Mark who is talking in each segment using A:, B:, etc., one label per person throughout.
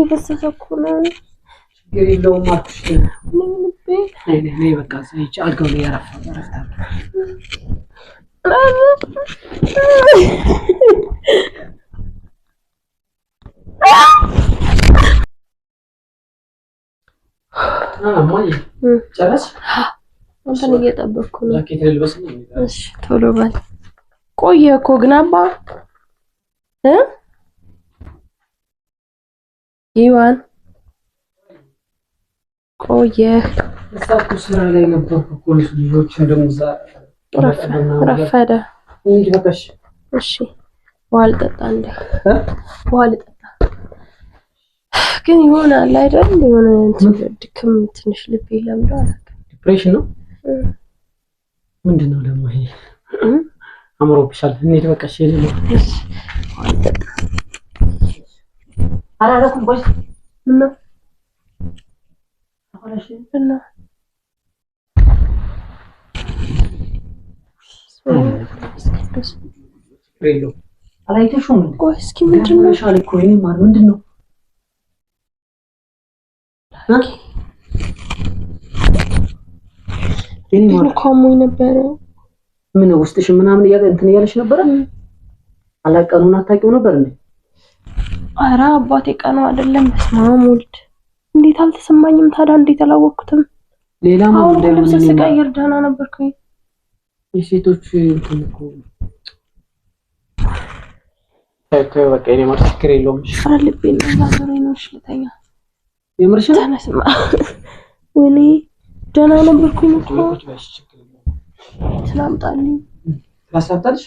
A: እየገሰሰኩነን
B: ችግር የለውም አልኩሽ። በቃ ሂጅ፣ አልጋው ላይ ያረፍ ረፍታ
A: አንተን እየጠበቅኩ ነው። ቶሎ በል። ቆየ እኮ ግን አባ ይዋን ቆየህ?
B: ስራ ላይ ነበርኩ እኮ ልጆች
A: ረፈደ። እሺ ውሃ ልጠጣ እንደ ውሃ ልጠጣ ግን ይሆናል አይደል? የሆነ ድክም ትንሽ ልብ ለምዶ
B: ዲፕሬሽን ነው ምንድን ነው ደግሞ ይሄ አምሮብሻል። እንሂድ በቃ። እሺ
A: አላረኩም ቆይ እና እና አላየሽውም? ቆይ እስኪ ምንድን ነው
B: ሻል እኮ ይሄ ማን ምንድን ነው?
A: ካሞኝ ነበረ።
B: ምን ውስጥሽ ምናምን እንትን እያለሽ ነበረ? አላቀኑን አታውቂው ነበር እንዴ?
A: አረ አባቴ ቀኑ አይደለም። በስመ አብ እንዴት አልተሰማኝም ታዲያ? እንዴት አላወቅኩትም? ሌላ ምን ማለት ልብስ ስቀይር ደህና ነበርኩኝ።
B: የሴቶች እንትንኩ ታይቶ በቃ እኔ ማስከሬ የለውም።
A: ኧረ ልቤ ነው ዛሬ ነው ሽልተኛ የምርሽ ተነስማ ወኔ ደህና ነበርኩኝ። ትናምጣልኝ ታስላምጣልሽ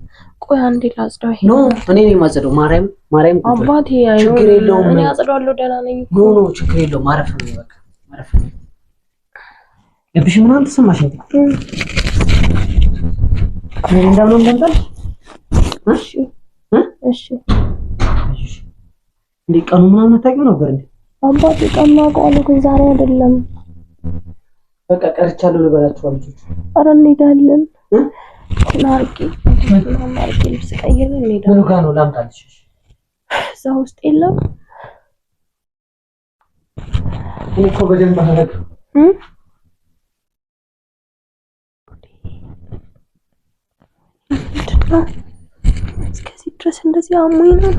A: ቆይ አንዴ ላጽዳው። ይሄ
B: ኖ እኔ ነኝ የማጸዳው። ማርያም ማርያም አባቴ ችግር የለውም እኔ
A: አጽዳለሁ። ደህና ነኝ።
B: ኖ ኖ ችግር የለውም። ማረፍ ነው በቃ ማረፍ ነው። ልብሽ ምናምን ተሰማሽ እንዴ? ምን እንዳሉ እንደምታል።
A: እሺ እሺ
B: እንዴ ቀኑ ምናምን አታውቂው ነበር እንዴ?
A: አባቴ ቀኑ አውቀዋለሁ ግን ዛሬ አይደለም።
B: በቃ ቀርቻለሁ ልበላችሁ ልጆች።
A: ኧረ እንሄዳለን ናርቂ ልብስ ቀይር ምኑ
B: ጋ ነው ላምጣልሽ?
A: እዛ ውስጥ የለም።
B: እኔ እኮ በደንብ አደረግ
A: እስከዚህ ድረስ እንደዚህ አሞኝ ነው።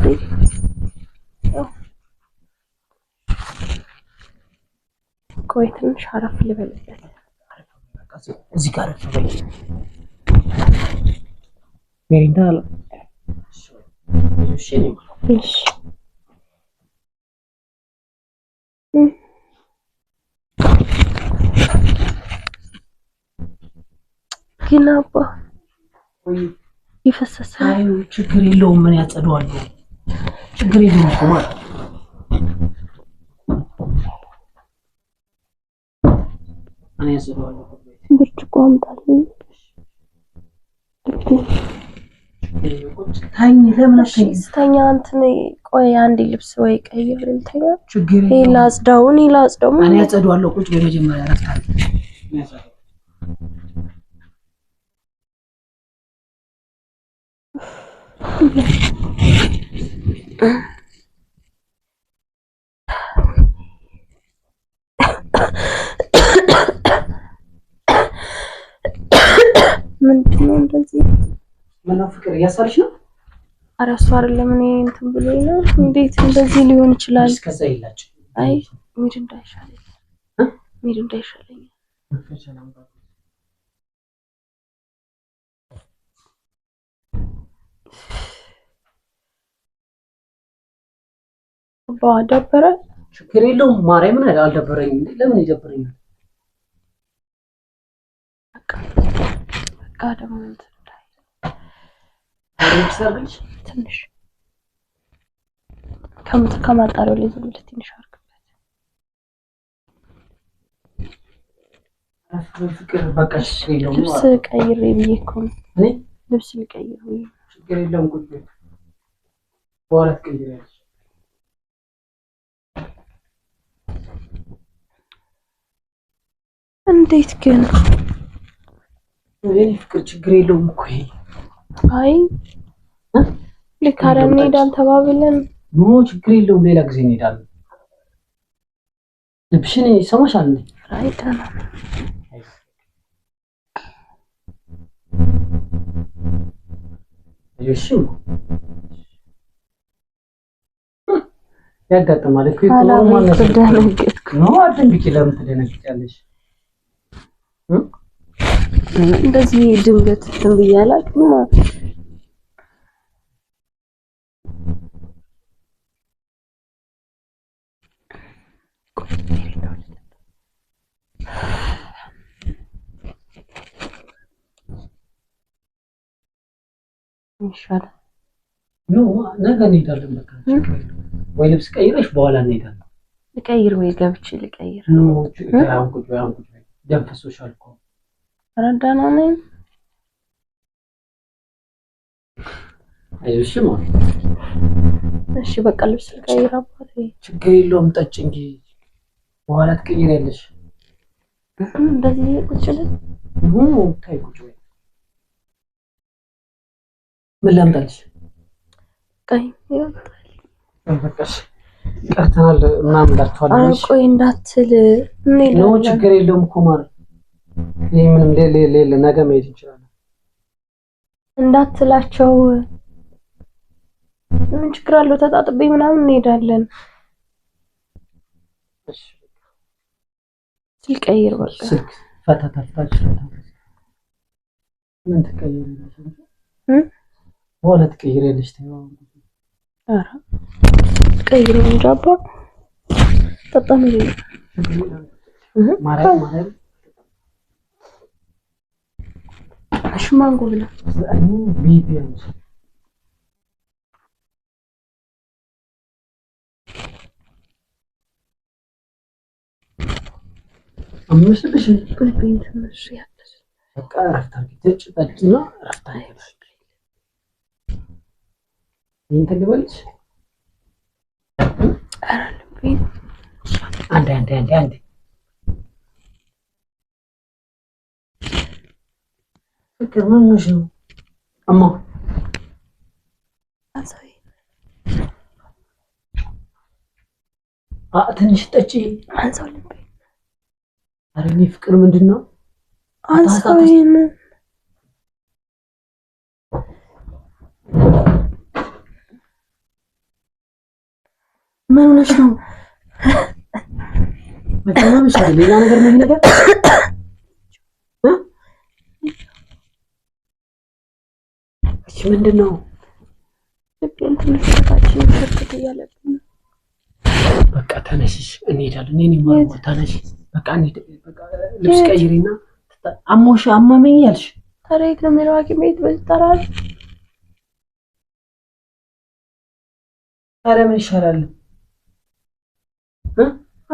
A: ቆይ ትንሽ አረፍ ልበልበት።
B: እዚህ ጋር አረፍ በል ሜሪንዳ
A: ግን አባ ይፈሰሳል።
B: ችግር የለውም። ምን ያጸደዋል? ችግር የለውም እኮ ማለት
A: ብርጭቆ አምጣልኝ። ስተኛ እንትን ቆይ አንድ ልብስ ወይ ቀይር ልተኛ። ይሄ ላጽዳው፣ እኔ ላጽዳው።
B: እኔ አጸዳዋለሁ። ቁጭ በመጀመሪያ ረፍታል
A: ምንድነው እንደዚህ
B: ምነው ፍቅር እያሳለች ነው?
A: ኧረ እሱ አይደለም። እኔ እንትን ብሎኝ ነው። እንዴት እንደዚህ ሊሆን ይችላል?
B: እስከዛ የላችሁ።
A: አይ ሚድ እንዳይሻለኝ ሚድ እንዳይሻለኝ አባ ደበረ።
B: ችግር የለውም ማርያምን አልደበረኝም። ለምን ይደብረኛል?
A: በቃ ደግሞ እንትን ትንሽ ከማጣሪያው ላይ ዝም ብለህ ትንሽ አድርግበት። ልብስ ቀይር ብዬ እኮ ነው። ልብስ ልቀይር
B: ችግር የለውም። ቁጭ በኋላ ትቀይራለች።
A: እንዴት ግን
B: ፍቅር ችግር የለውም እኮ
A: አይ ልክ አይደል? እንሄዳለን ተባብለን
B: ኖ ችግር የለውም ሌላ ጊዜ እንሄዳለን። ልብሽን ይሰማሻል እንዴ? ያጋጥማል እኮ ነው። አትደንግጪ። ለምን ትደነግጫለሽ?
A: እንደዚህ ድንገት እንትን ብያላችሁ ይሻላል።
B: ኖ ነገ እንሄዳለን። በቃ ወይ ልብስ ቀይረሽ በኋላ እንሄዳለን።
A: ልቀይር ወይ ገብቼ ልቀይር።
B: ኖ ደንፈሶሻል እኮ
A: ኧረ ደህና ነኝ። አይዞሽማ። እሺ በቃ ልብስ ልቀይር። አባቴ
B: ችግር የለውም ጠጭ እንጂ በኋላ ትቀይሪያለሽ።
A: እንደዚህ ቁጭ
B: ብል ታይ ቁጭ በይ። ምን ላምጣልሽ? ቀርተናል። ምናምን ላችኋለሁ።
A: ቆይ እንዳትል
B: ነው ችግር የለውም እኮ ማለት ይህ ምንም ሌለ ነገ መሄድ እንችላለን
A: እንዳትላቸው። ምን ችግር አለው? ተጣጥቤ ምናምን እንሄዳለን። ስልክ ቀይር፣
B: በቃ ስልክ ፈታ ታፍታች ምን ትቀይሪያለሽ? በኋላ ትቀይሪያለሽ። ተይው፣
A: ኧረ ቀይር እንጂ አባ ጠጣም a shi ma
B: አንዴ አንዴ አንዴ አንዴ كمان مجنون أما أسوي ትንሽ ጠጪ
A: አንሰውልብኝ።
B: ኧረ እኔ ፍቅር ምንድን ነው
A: አንሰው ይሄንን ምን ምንድን ነው? ልቤን ትንሽ ታችን ነው።
B: በቃ ተነሽሽ፣ እንሄዳለን። እኔ ተነሽ፣ በቃ ልብስ ቀይሪና አሞሽ አማመኝ ያልሽ
A: ታዲያ ነው የሚለው? ሐኪም ቤት በጠራል።
B: ታዲያ ምን ይሻላል?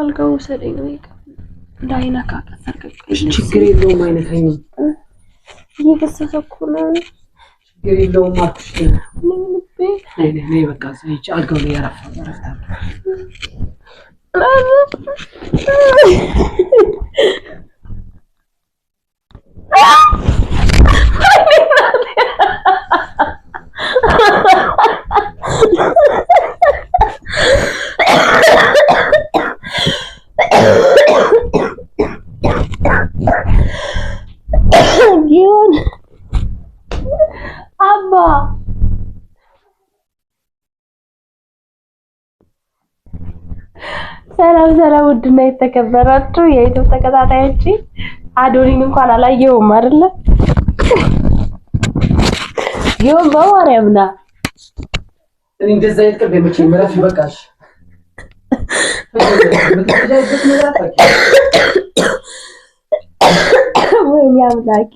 A: አልጋው ውሰደኝ ነው እንዳይነካ፣
B: ችግር የለውም አይነካኝም።
A: እየፈሰሰ እኮ ነው
B: görevli olmak Ne ne neye bakarsın hiç alkolü yaratma taraftan.
A: Ah! ሰላም ውድና የተከበራችሁ የዩቲዩብ ተከታታዮች፣ አዶኒን እንኳን አላየሁም አይደለ? ይሁን በማርያም ና
B: እንደዛ ይልቀብ የመቼ
A: ወይኔ አምላኬ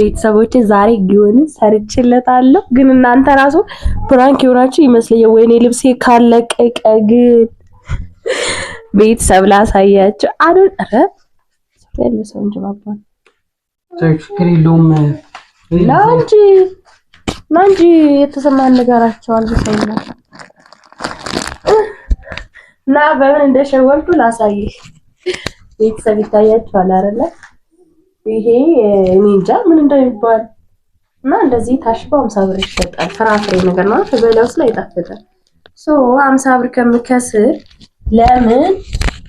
A: ቤተሰቦቼ ዛሬ ጊዮን ሰርችለታለሁ፣ ግን እናንተ ራሱ ፕራንክ የሆናችሁ ይመስለኛል። ወይኔ ልብሴ ካለቀቀ ግን ቤተሰብ ላሳያቸው አሉን። ኧረ ያለ ሰው እንጂ ባባን
B: ችግር የለውም
A: ና እንጂ ና እንጂ የተሰማን ንገራቸው አልብሰው እና በምን እንደሸወልኩ ላሳይህ። ቤተሰብ ይታያቸዋል አይደለ? ይሄ እኔ እንጃ ምን እንደሚባል እና እንደዚህ ታሽጎ አምሳ ብር ይሸጣል። ፍራፍሬ ነገር ነው። በላውስ ላይ ይጣፍጣል። ሶ አምሳ ብር ከምከስር ለምን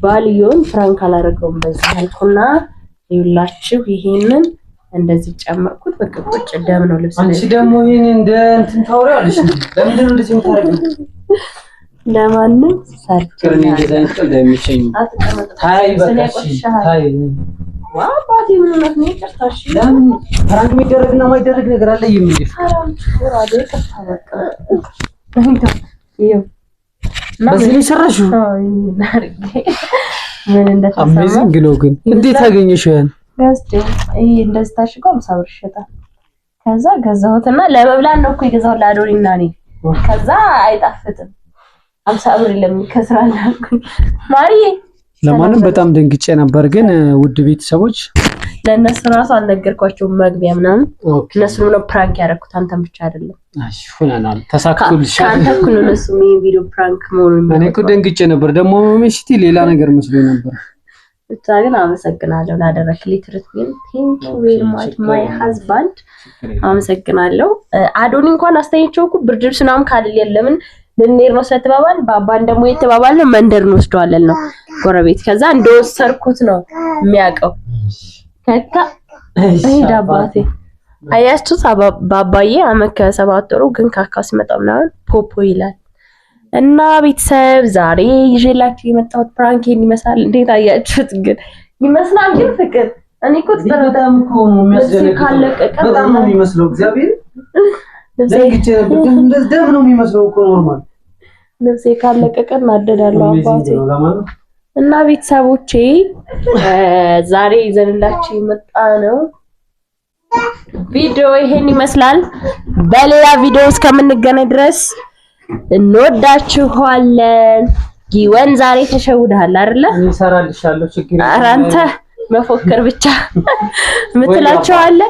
A: ባልዮን ፍራንክ አላደረገውም? በዚህ ያልኩና ይውላችሁ ይሄንን እንደዚህ ጨመርኩት። በቃ ቁጭ ደም ነው ልብስ።
B: አንቺ ደግሞ ይሄን እንደ እንትን ታውሪያለሽ። ለምንድን ነው እንደዚህ ታደርጊው?
A: ለማንም ታይ
B: በቃሽ ታይ ምን ነው? ለምን ፍራንክ የሚደረግና የማይደረግ ነገር አለ። ይሄ በዚህ ላይ አሜዚንግ ነው። ግን እንዴት ይሄ
A: እንደዚህ ታሽጎ አምሳ ብር ይሸጣል። ከዛ ገዛሁትና ለመብላት ነው እኮ የገዛሁት ለአዶሪና እኔ። ከዛ አይጣፍጥም ብር ማሪ።
B: ለማንም በጣም ደንግጬ ነበር። ግን ውድ ቤተሰቦች
A: ለእነሱ ራሱ አልነገርኳቸውም መግቢያ ምናምን። እነሱ ነው ፕራንክ ያደረኩት፣ አንተን ብቻ አይደለም።
B: እሺ ሆነናል፣ ተሳክቶልሻል።
A: አንተ እኩል ነው እነሱ ይሄ ቪዲዮ ፕራንክ
B: መሆኑን። እኔ እኮ ደንግጬ ነበር፣ ደግሞ መምሽቲ ሌላ ነገር መስሎ ነበር።
A: ብቻ ግን አመሰግናለሁ ላደረክ ትሪትሜንት። ግን ዩ ቬሪ ማች ማይ ሀዝባንድ፣ አመሰግናለሁ። አዶኒ እንኳን አስተያየቸው እኮ ብርድ ልብስ ምናምን ካለ ለምን ልንሄድ ነው ስለተባባል በአባን ደግሞ የተባባል ነው መንደር እንወስደዋለን ነው ጎረቤት። ከዛ እንደወሰድኩት ነው የሚያውቀው። መጣ ሄደ አባቴ። አያችሁት? በአባዬ አመት ከሰባት ወሩ ግን ካካ ሲመጣ ምናምን ፖፖ ይላል። እና ቤተሰብ ዛሬ ይዤላችሁ የመጣሁት ፕራንኬን ይመስላል። እንዴት አያችሁት? ግን ይመስላል ግን ፍቅር እኔ እኮ
B: በጣም እኮ ነው የሚያስደነግጠው። በጣም ነው የሚመስለው እግዚአብሔር ለግቼ ደም ነው የሚመስለው እኮ ኖርማል
A: ልብሴ ካለቀቀን አደዳለሁ አባቴ እና ቤተሰቦቼ ዛሬ ይዘንላችሁ የመጣ ነው ቪዲዮ ይሄን ይመስላል። በሌላ ቪዲዮ እስከምንገናኝ ድረስ እንወዳችኋለን። ጊወን ዛሬ ተሸውደሃል አይደለ?
B: እንሰራልሻለሁ። ችግር
A: ኧረ አንተ መፎከር ብቻ የምትላቸው አለ።